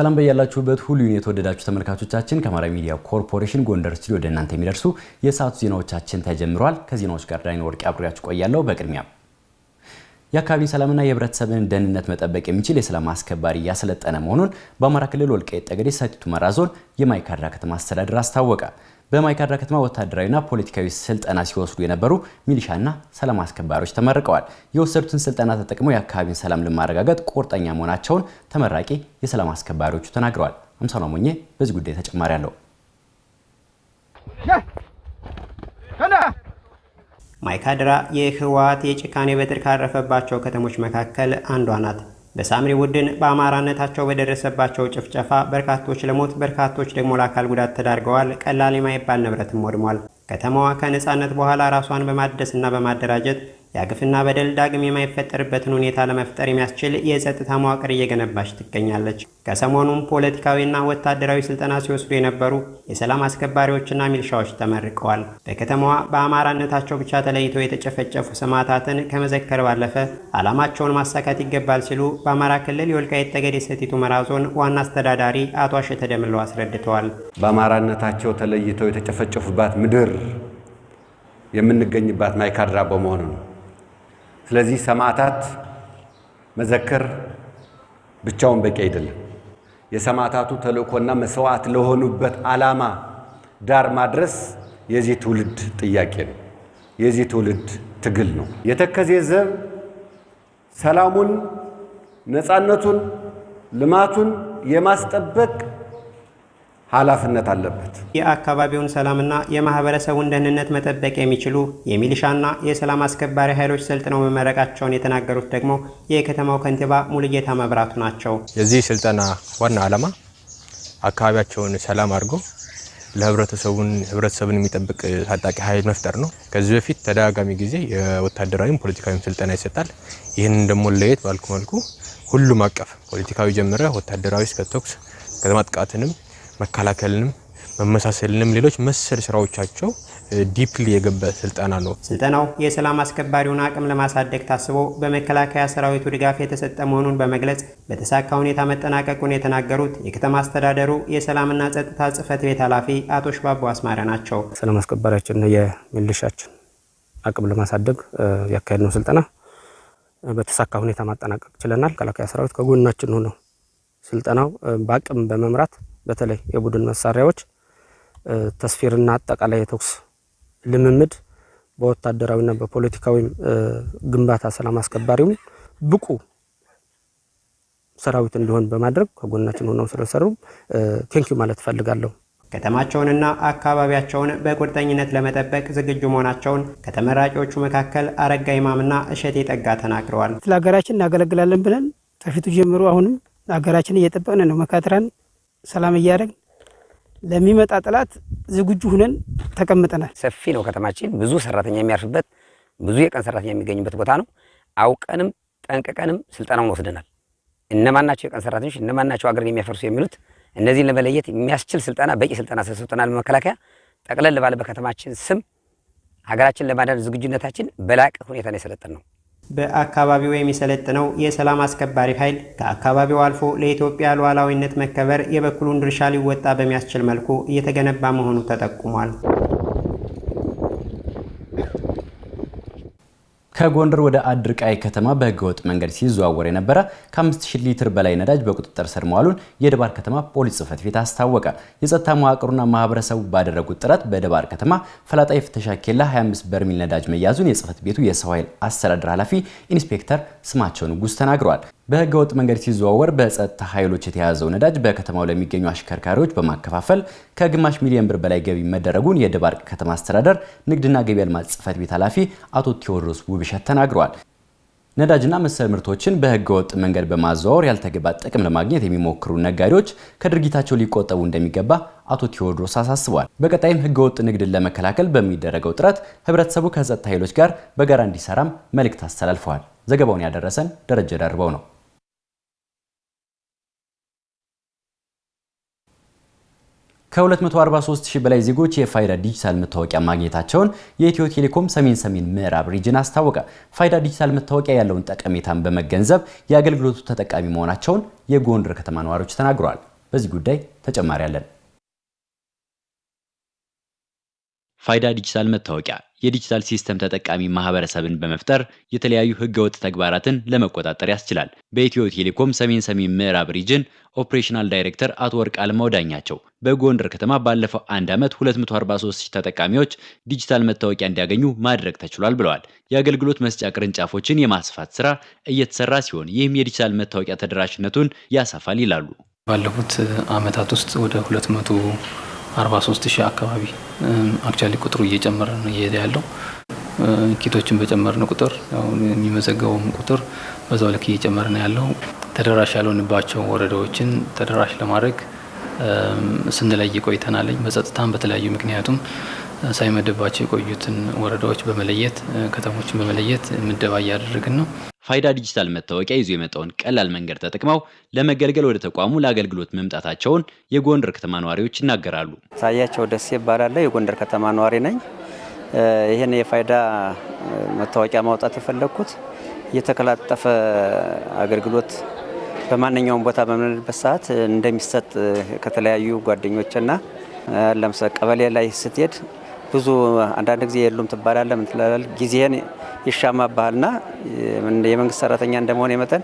ሰላም በያላችሁበት ሁሉ የተወደዳችሁ ተመልካቾቻችን ከአማራ ሚዲያ ኮርፖሬሽን ጎንደር ስቱዲዮ ወደ እናንተ የሚደርሱ የሰዓቱ ዜናዎቻችን ተጀምረዋል። ከዜናዎች ጋር ዳይን ወርቅ አብሬያችሁ ቆያለሁ። በቅድሚያ የአካባቢ ሰላምና የህብረተሰብን ደህንነት መጠበቅ የሚችል የሰላም አስከባሪ እያሰለጠነ መሆኑን በአማራ ክልል ወልቃይት ጠገዴ ሰቲት ሁመራ ዞን የማይካድራ ከተማ አስተዳደር አስታወቀ። በማይካድራ ከተማ ወታደራዊና ፖለቲካዊ ስልጠና ሲወስዱ የነበሩ ሚሊሻና ሰላም አስከባሪዎች ተመርቀዋል። የወሰዱትን ስልጠና ተጠቅመው የአካባቢን ሰላም ለማረጋገጥ ቁርጠኛ መሆናቸውን ተመራቂ የሰላም አስከባሪዎቹ ተናግረዋል። አምሳኗ ሞኜ በዚህ ጉዳይ ተጨማሪ አለው። ማይካድራ የህወሓት የጭካኔ በትር ካረፈባቸው ከተሞች መካከል አንዷ ናት። በሳምሪ ቡድን በአማራነታቸው በደረሰባቸው ጭፍጨፋ በርካቶች ለሞት በርካቶች ደግሞ ለአካል ጉዳት ተዳርገዋል። ቀላል የማይባል ንብረትም ወድሟል። ከተማዋ ከነፃነት በኋላ ራሷን በማደስና በማደራጀት ያግፍና በደል ዳግም የማይፈጠርበትን ሁኔታ ለመፍጠር የሚያስችል የጸጥታ መዋቅር እየገነባች ትገኛለች። ከሰሞኑም ፖለቲካዊና ወታደራዊ ስልጠና ሲወስዱ የነበሩ የሰላም አስከባሪዎችና ሚልሻዎች ተመርቀዋል። በከተማዋ በአማራነታቸው ብቻ ተለይተው የተጨፈጨፉ ሰማዕታትን ከመዘከር ባለፈ ዓላማቸውን ማሳካት ይገባል ሲሉ በአማራ ክልል የወልቃይት ጠገዴ ሰቲት ሁመራ ዞን ዋና አስተዳዳሪ አቶ አሸተ ደምለው አስረድተዋል። በአማራነታቸው ተለይተው የተጨፈጨፉባት ምድር የምንገኝባት ማይካድራ በመሆኑ ነው። ስለዚህ ሰማዕታት መዘክር ብቻውን በቂ አይደለም። የሰማዕታቱ ተልእኮና መስዋዕት ለሆኑበት ዓላማ ዳር ማድረስ የዚህ ትውልድ ጥያቄ ነው። የዚህ ትውልድ ትግል ነው። የተከዜ ዘብ ሰላሙን፣ ነፃነቱን፣ ልማቱን የማስጠበቅ ኃላፊነት አለበት። የአካባቢውን ሰላምና የማህበረሰቡን ደህንነት መጠበቅ የሚችሉ የሚሊሻና የሰላም አስከባሪ ኃይሎች ሰልጥነው መመረቃቸውን የተናገሩት ደግሞ የከተማው ከንቲባ ሙሉጌታ መብራቱ ናቸው። የዚህ ስልጠና ዋና ዓላማ አካባቢያቸውን ሰላም አድርጎ ለህብረተሰቡን ህብረተሰቡን የሚጠብቅ ታጣቂ ኃይል መፍጠር ነው። ከዚህ በፊት ተደጋጋሚ ጊዜ የወታደራዊም ፖለቲካዊም ስልጠና ይሰጣል። ይህንን ደግሞ ለየት ባልኩ መልኩ ሁሉም አቀፍ ፖለቲካዊ ጀምረ ወታደራዊ እስከ ተኩስ ጥቃትንም መከላከልንም መመሳሰልንም ሌሎች መሰል ስራዎቻቸው ዲፕሊ የገባ ስልጠና ነው። ስልጠናው የሰላም አስከባሪውን አቅም ለማሳደግ ታስቦ በመከላከያ ሰራዊቱ ድጋፍ የተሰጠ መሆኑን በመግለጽ በተሳካ ሁኔታ መጠናቀቁን የተናገሩት የከተማ አስተዳደሩ የሰላምና ጸጥታ ጽህፈት ቤት ኃላፊ አቶ ሽባቦ አስማረ ናቸው። ሰላም አስከባሪያችን የሚልሻችን አቅም ለማሳደግ ያካሄድ ነው ስልጠና በተሳካ ሁኔታ ማጠናቀቅ ችለናል። መከላከያ ሰራዊት ከጎናችን ሆነው ስልጠናው በአቅም በመምራት በተለይ የቡድን መሳሪያዎች ተስፊርና አጠቃላይ የተኩስ ልምምድ በወታደራዊና በፖለቲካዊ ግንባታ ሰላም አስከባሪውም ብቁ ሰራዊት እንዲሆን በማድረግ ከጎናችን ሆነው ስለሰሩ ቴንኪዩ ማለት እፈልጋለሁ። ከተማቸውንና አካባቢያቸውን በቁርጠኝነት ለመጠበቅ ዝግጁ መሆናቸውን ከተመራቂዎቹ መካከል አረጋ ይማምና እሸቴ ጠጋ ተናግረዋል። ስለ ሀገራችን እናገለግላለን ብለን ከፊቱ ጀምሮ አሁንም ሀገራችን እየጠበቅን ነው። መካትራን ሰላም እያደረግ ለሚመጣ ጠላት ዝግጁ ሁነን ተቀምጠናል። ሰፊ ነው ከተማችን፣ ብዙ ሰራተኛ የሚያርፍበት ብዙ የቀን ሰራተኛ የሚገኝበት ቦታ ነው። አውቀንም ጠንቅቀንም ስልጠናውን ወስደናል። እነማናቸው የቀን ሰራተኞች፣ እነማናቸው አገርን የሚያፈርሱ የሚሉት እነዚህን ለመለየት የሚያስችል ስልጠና በቂ ስልጠና ሰሰብተናል። መከላከያ ጠቅለል ባለ በከተማችን ስም ሀገራችን ለማዳን ዝግጁነታችን በላቀ ሁኔታ ነው የሰለጠን ነው። በአካባቢው የሚሰለጥነው የሰላም አስከባሪ ኃይል ከአካባቢው አልፎ ለኢትዮጵያ ሉዓላዊነት መከበር የበኩሉን ድርሻ ሊወጣ በሚያስችል መልኩ እየተገነባ መሆኑ ተጠቁሟል። ከጎንደር ወደ አድርቃይ ከተማ በህገወጥ መንገድ ሲዘዋወር የነበረ ከ5000 ሊትር በላይ ነዳጅ በቁጥጥር ስር መዋሉን የደባር ከተማ ፖሊስ ጽህፈት ቤት አስታወቀ። የጸጥታ መዋቅሩና ማህበረሰቡ ባደረጉት ጥረት በደባር ከተማ ፈላጣ የፍተሻ ኬላ 25 በርሚል ነዳጅ መያዙን የጽህፈት ቤቱ የሰው ኃይል አስተዳደር ኃላፊ ኢንስፔክተር ስማቸው ንጉስ ተናግረዋል። በህገወጥ መንገድ ሲዘዋወር በጸጥታ ኃይሎች የተያዘው ነዳጅ በከተማው ለሚገኙ አሽከርካሪዎች በማከፋፈል ከግማሽ ሚሊዮን ብር በላይ ገቢ መደረጉን የደባርቅ ከተማ አስተዳደር ንግድና ገቢ ልማት ጽሕፈት ቤት ኃላፊ አቶ ቴዎድሮስ ውብሸት ተናግረዋል። ነዳጅና መሰል ምርቶችን በህገወጥ መንገድ በማዘዋወር ያልተገባ ጥቅም ለማግኘት የሚሞክሩ ነጋዴዎች ከድርጊታቸው ሊቆጠቡ እንደሚገባ አቶ ቴዎድሮስ አሳስቧል። በቀጣይም ህገወጥ ንግድን ለመከላከል በሚደረገው ጥረት ህብረተሰቡ ከጸጥታ ኃይሎች ጋር በጋራ እንዲሰራም መልእክት አስተላልፈዋል። ዘገባውን ያደረሰን ደረጀ ደርበው ነው። ከ243 ሺህ በላይ ዜጎች የፋይዳ ዲጂታል መታወቂያ ማግኘታቸውን የኢትዮ ቴሌኮም ሰሜን ሰሜን ምዕራብ ሪጅን አስታወቀ። ፋይዳ ዲጂታል መታወቂያ ያለውን ጠቀሜታን በመገንዘብ የአገልግሎቱ ተጠቃሚ መሆናቸውን የጎንደር ከተማ ነዋሪዎች ተናግረዋል። በዚህ ጉዳይ ተጨማሪ አለን። ፋይዳ ዲጂታል መታወቂያ የዲጂታል ሲስተም ተጠቃሚ ማህበረሰብን በመፍጠር የተለያዩ ህገወጥ ተግባራትን ለመቆጣጠር ያስችላል። በኢትዮ ቴሌኮም ሰሜን ሰሜን ምዕራብ ሪጅን ኦፕሬሽናል ዳይሬክተር አቶ ወርቅ አልማው ዳኛቸው በጎንደር ከተማ ባለፈው አንድ ዓመት 243 ሺህ ተጠቃሚዎች ዲጂታል መታወቂያ እንዲያገኙ ማድረግ ተችሏል ብለዋል። የአገልግሎት መስጫ ቅርንጫፎችን የማስፋት ስራ እየተሰራ ሲሆን ይህም የዲጂታል መታወቂያ ተደራሽነቱን ያሰፋል ይላሉ። ባለፉት ዓመታት ውስጥ ወደ 200 43 ሺህ አካባቢ አክቻሊ ቁጥሩ እየጨመረ ነው እየሄደ ያለው። ኪቶችን በጨመርን ቁጥር የሚመዘገበውም ቁጥር በዛው ልክ እየጨመረ ነው ያለው። ተደራሽ ያልሆንባቸው ወረዳዎችን ተደራሽ ለማድረግ ስንለይ ቆይተናለኝ። በጸጥታም በተለያዩ ምክንያቱም ሳይመደባቸው የቆዩትን ወረዳዎች በመለየት ከተሞችን በመለየት ምደባ እያደረግን ነው። ፋይዳ ዲጂታል መታወቂያ ይዞ የመጣውን ቀላል መንገድ ተጠቅመው ለመገልገል ወደ ተቋሙ ለአገልግሎት መምጣታቸውን የጎንደር ከተማ ነዋሪዎች ይናገራሉ። ሳያቸው ደሴ ይባላለሁ። የጎንደር ከተማ ነዋሪ ነኝ። ይህን የፋይዳ መታወቂያ ማውጣት የፈለግኩት የተከላጠፈ አገልግሎት በማንኛውም ቦታ በምንልበት ሰዓት እንደሚሰጥ ከተለያዩ ጓደኞችና ለምሳሌ ቀበሌ ላይ ስትሄድ ብዙ አንዳንድ ጊዜ የሉም ትባላለ ምን ትላላል ጊዜህን ይሻማብሃልና የመንግስት ሰራተኛ እንደመሆን የመጠን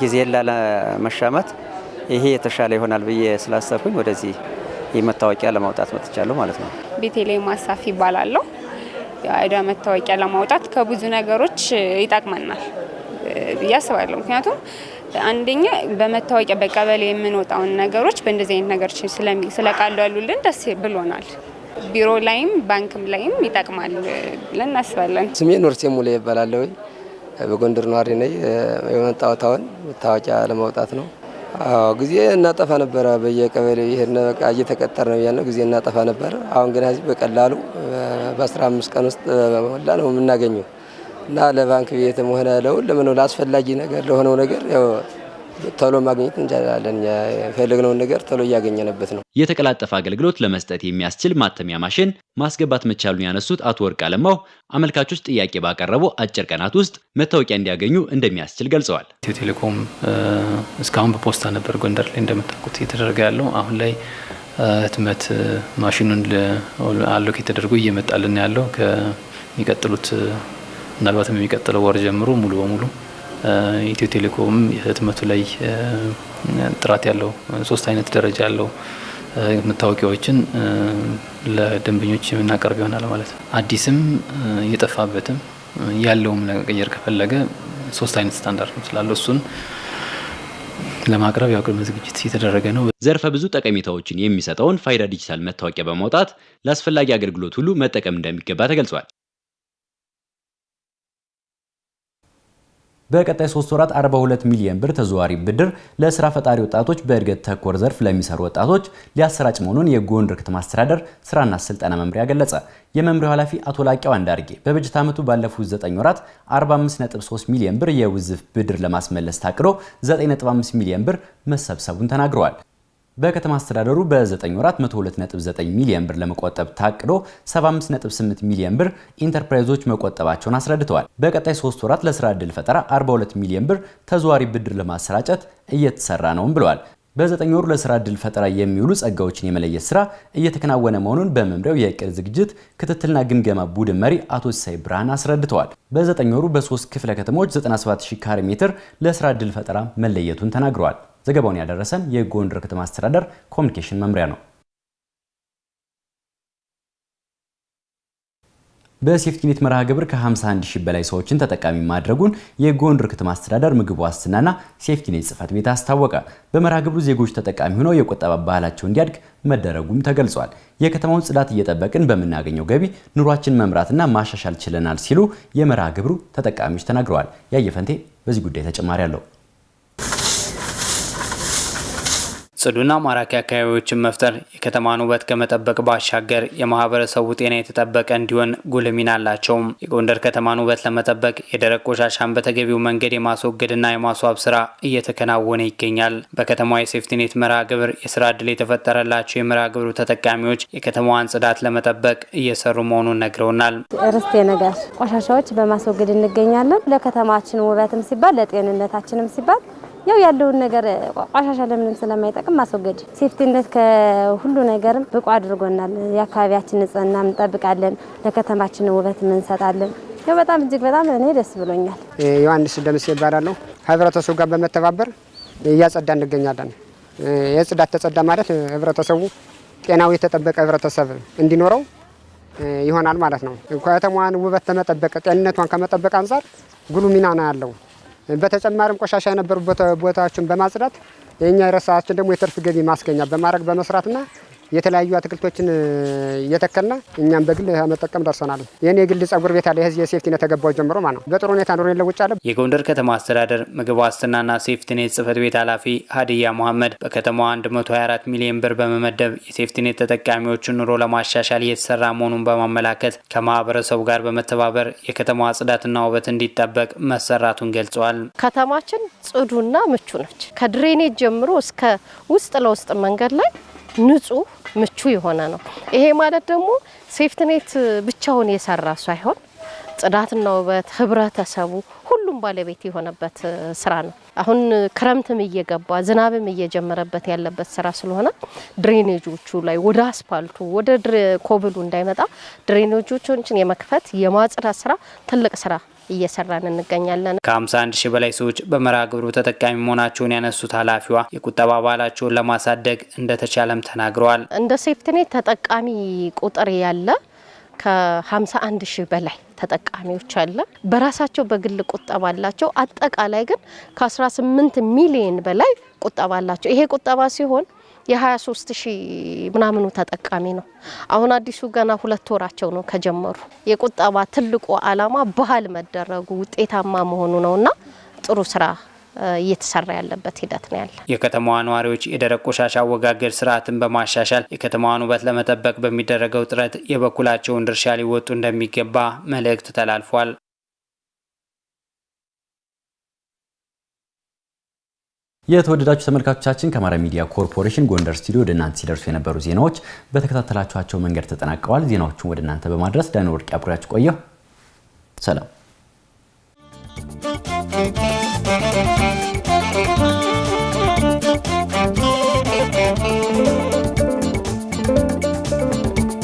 ጊዜን ላለመሻማት ይሄ የተሻለ ይሆናል ብዬ ስላሰብኩኝ ወደዚህ ይህ መታወቂያ ለማውጣት መጥቻለሁ ማለት ነው። ቤተልሔም ማሳፊ ይባላለሁ። የአይዳ መታወቂያ ለማውጣት ከብዙ ነገሮች ይጠቅመናል ብዬ አስባለሁ። ምክንያቱም አንደኛ በመታወቂያ በቀበሌ የምንወጣውን ነገሮች በእንደዚህ አይነት ነገሮች ስለቃሉ ያሉልን ደስ ብሎናል። ቢሮ ላይም ባንክም ላይም ይጠቅማል ብለን እናስባለን። ስሜ ኖርሴ ሙለ ይባላለሁ። በጎንደር ነዋሪ ነኝ። የመጣሁት አሁን መታወቂያ ለማውጣት ነው። አዎ ጊዜ እናጠፋ ነበረ። በየቀበሌው ይሄን በቃ እየተቀጠር ነው ያለው ጊዜ እናጠፋ ነበረ። አሁን ግን እዚህ በቀላሉ በ15 ቀን ውስጥ በመላ ነው የምናገኘው እና ለባንክ ቤትም ሆነ ለሁሉም ነው ለአስፈላጊ ነገር ለሆነው ነገር ቶሎ ማግኘት እንችላለን። የፈለግነውን ነገር ቶሎ እያገኘንበት ነው። የተቀላጠፈ አገልግሎት ለመስጠት የሚያስችል ማተሚያ ማሽን ማስገባት መቻሉን ያነሱት አቶ ወርቅ አለማው አመልካቾች ጥያቄ ባቀረቡ አጭር ቀናት ውስጥ መታወቂያ እንዲያገኙ እንደሚያስችል ገልጸዋል። ኢትዮ ቴሌኮም እስካሁን በፖስታ ነበር ጎንደር ላይ እንደምታውቁት እየተደረገ ያለው አሁን ላይ ህትመት ማሽኑን አሎኬት ተደርጎ እየመጣልን ያለው ከሚቀጥሉት ምናልባትም የሚቀጥለው ወር ጀምሮ ሙሉ በሙሉ ኢትዮ ቴሌኮም የህትመቱ ላይ ጥራት ያለው ሶስት አይነት ደረጃ ያለው መታወቂያዎችን ለደንበኞች የምናቀርብ ይሆናል ማለት ነው። አዲስም የጠፋበትም ያለውም ለመቀየር ከፈለገ ሶስት አይነት ስታንዳርድ ስላለው እሱን ለማቅረብ ያው ቅድመ ዝግጅት የተደረገ ነው። ዘርፈ ብዙ ጠቀሜታዎችን የሚሰጠውን ፋይዳ ዲጂታል መታወቂያ በማውጣት ለአስፈላጊ አገልግሎት ሁሉ መጠቀም እንደሚገባ ተገልጿል። በቀጣይ 3 ወራት 42 ሚሊዮን ብር ተዘዋሪ ብድር ለስራ ፈጣሪ ወጣቶች በእድገት ተኮር ዘርፍ ለሚሰሩ ወጣቶች ሊያሰራጭ መሆኑን የጎንደር ከተማ አስተዳደር ስራና ስልጠና መምሪያ ገለጸ። የመምሪያው ኃላፊ አቶ ላቂያው አንዳርጌ በበጀት ዓመቱ ባለፉት 9 ወራት 45.3 ሚሊዮን ብር የውዝፍ ብድር ለማስመለስ ታቅዶ 9.5 ሚሊዮን ብር መሰብሰቡን ተናግረዋል። በከተማ አስተዳደሩ በ9 ወራት 102.9 ሚሊዮን ብር ለመቆጠብ ታቅዶ 75.8 ሚሊዮን ብር ኢንተርፕራይዞች መቆጠባቸውን አስረድተዋል። በቀጣይ 3 ወራት ለስራ ዕድል ፈጠራ 42 ሚሊዮን ብር ተዘዋሪ ብድር ለማሰራጨት እየተሰራ ነውም ብለዋል። በ9 ወሩ ለስራ ዕድል ፈጠራ የሚውሉ ጸጋዎችን የመለየት ስራ እየተከናወነ መሆኑን በመምሪያው የእቅድ ዝግጅት ክትትልና ግምገማ ቡድን መሪ አቶ ሲሳይ ብርሃን አስረድተዋል። በ9 ወሩ በ3 ክፍለ ከተሞች 97 ሺህ ካሬ ሜትር ለስራ ዕድል ፈጠራ መለየቱን ተናግረዋል። ዘገባውን ያደረሰን የጎንደር ከተማ አስተዳደር ኮሚኒኬሽን መምሪያ ነው። በሴፍቲኔት መርሃ ግብር ከ51 ሺህ በላይ ሰዎችን ተጠቃሚ ማድረጉን የጎንደር ከተማ አስተዳደር ምግብ ዋስትናና ሴፍቲኔት ጽሕፈት ቤት አስታወቀ። በመርሃ ግብሩ ዜጎች ተጠቃሚ ሆነው የቁጠባ ባህላቸው እንዲያድግ መደረጉም ተገልጿል። የከተማውን ጽዳት እየጠበቅን በምናገኘው ገቢ ኑሯችን መምራትና ማሻሻል ችለናል ሲሉ የመርሃ ግብሩ ተጠቃሚዎች ተናግረዋል። ያየፈንቴ በዚህ ጉዳይ ተጨማሪ አለው። ጽዱና ማራኪ አካባቢዎችን መፍጠር የከተማን ውበት ከመጠበቅ ባሻገር የማህበረሰቡ ጤና የተጠበቀ እንዲሆን ጉልህ ሚና አላቸውም። የጎንደር ከተማን ውበት ለመጠበቅ የደረቅ ቆሻሻን በተገቢው መንገድ የማስወገድና የማስዋብ ስራ እየተከናወነ ይገኛል። በከተማዋ የሴፍቲኔት መርሃ ግብር የስራ እድል የተፈጠረላቸው የመርሃ ግብሩ ተጠቃሚዎች የከተማዋን ጽዳት ለመጠበቅ እየሰሩ መሆኑን ነግረውናል። ርስቴ ነገር ቆሻሻዎች በማስወገድ እንገኛለን። ለከተማችን ውበትም ሲባል ለጤንነታችንም ሲባል ያው ያለውን ነገር ቆሻሻ ለምንም ስለማይጠቅም ማስወገድ ሴፍቲነት ከሁሉ ነገርም ብቁ አድርጎናል። የአካባቢያችን ንጽህና እንጠብቃለን፣ ለከተማችን ውበት እንሰጣለን። ያው በጣም እጅግ በጣም እኔ ደስ ብሎኛል። ዮሐንስ ደምስ ይባላለሁ። ህብረተሰቡ ጋር በመተባበር እያጸዳ እንገኛለን። የጽዳት ተጸዳ ማለት ህብረተሰቡ ጤናው የተጠበቀ ህብረተሰብ እንዲኖረው ይሆናል ማለት ነው። ከተማዋን ውበት ከመጠበቅ ጤንነቷን ከመጠበቅ አንጻር ጉሉ ሚና ነው ያለው። በተጨማሪም ቆሻሻ የነበሩ ቦታዎችን በማጽዳት የእኛ ረሳችን ደግሞ የትርፍ ገቢ ማስገኛ በማድረግ በመስራትና የተለያዩ አትክልቶችን እየተከልና እኛም በግል መጠቀም ደርሰናል። ይህን የግል ጸጉር ቤት ያለ ህዝብ የሴፍቲኔት ተገባው ጀምሮ ማለት ነው በጥሩ ሁኔታ ኑሮ የለውጫለ። የጎንደር ከተማ አስተዳደር ምግብ ዋስትናና ሴፍቲኔት ጽህፈት ቤት ኃላፊ ሀዲያ መሐመድ በከተማዋ 124 ሚሊዮን ብር በመመደብ የሴፍቲኔት ተጠቃሚዎችን ኑሮ ለማሻሻል እየተሰራ መሆኑን በማመላከት ከማህበረሰቡ ጋር በመተባበር የከተማዋ ጽዳትና ውበት እንዲጠበቅ መሰራቱን ገልጸዋል። ከተማችን ጽዱና ምቹ ነች። ከድሬኔጅ ጀምሮ እስከ ውስጥ ለውስጥ መንገድ ላይ ንጹህ ምቹ የሆነ ነው። ይሄ ማለት ደግሞ ሴፍትኔት ብቻውን የሰራ ሳይሆን ጽዳትና ውበት ህብረተሰቡ ሁሉም ባለቤት የሆነበት ስራ ነው። አሁን ክረምትም እየገባ ዝናብም እየጀመረበት ያለበት ስራ ስለሆነ ድሬኔጆቹ ላይ ወደ አስፋልቱ ወደ ኮብሉ እንዳይመጣ ድሬኔጆቹን የመክፈት የማጽዳት ስራ ትልቅ ስራ እየሰራን እንገኛለን። ከ51 ሺህ በላይ ሰዎች በመርሃ ግብሩ ተጠቃሚ መሆናቸውን ያነሱት ኃላፊዋ የቁጠባ ባህላቸውን ለማሳደግ እንደተቻለም ተናግረዋል። እንደ ሴፍትኔት ተጠቃሚ ቁጥር ያለ ከ51 ሺህ በላይ ተጠቃሚዎች አለ። በራሳቸው በግል ቁጠባ አላቸው። አጠቃላይ ግን ከ18 ሚሊዮን በላይ ቁጠባ አላቸው። ይሄ ቁጠባ ሲሆን የ23 ሺህ ምናምኑ ተጠቃሚ ነው። አሁን አዲሱ ገና ሁለት ወራቸው ነው ከጀመሩ። የቁጠባ ትልቁ ዓላማ ባህል መደረጉ ውጤታማ መሆኑ ነውና ጥሩ ስራ እየተሰራ ያለበት ሂደት ነው ያለ። የከተማዋ ነዋሪዎች የደረቅ ቆሻሻ አወጋገድ ስርዓትን በማሻሻል የከተማዋን ውበት ለመጠበቅ በሚደረገው ጥረት የበኩላቸውን ድርሻ ሊወጡ እንደሚገባ መልእክት ተላልፏል። የተወደዳችሁ ተመልካቾቻችን ከአማራ ሚዲያ ኮርፖሬሽን ጎንደር ስቱዲዮ ወደ እናንተ ሲደርሱ የነበሩ ዜናዎች በተከታተላችኋቸው መንገድ ተጠናቀዋል። ዜናዎቹን ወደ እናንተ በማድረስ ወርቅ አብሬያችሁ ቆየሁ። ሰላም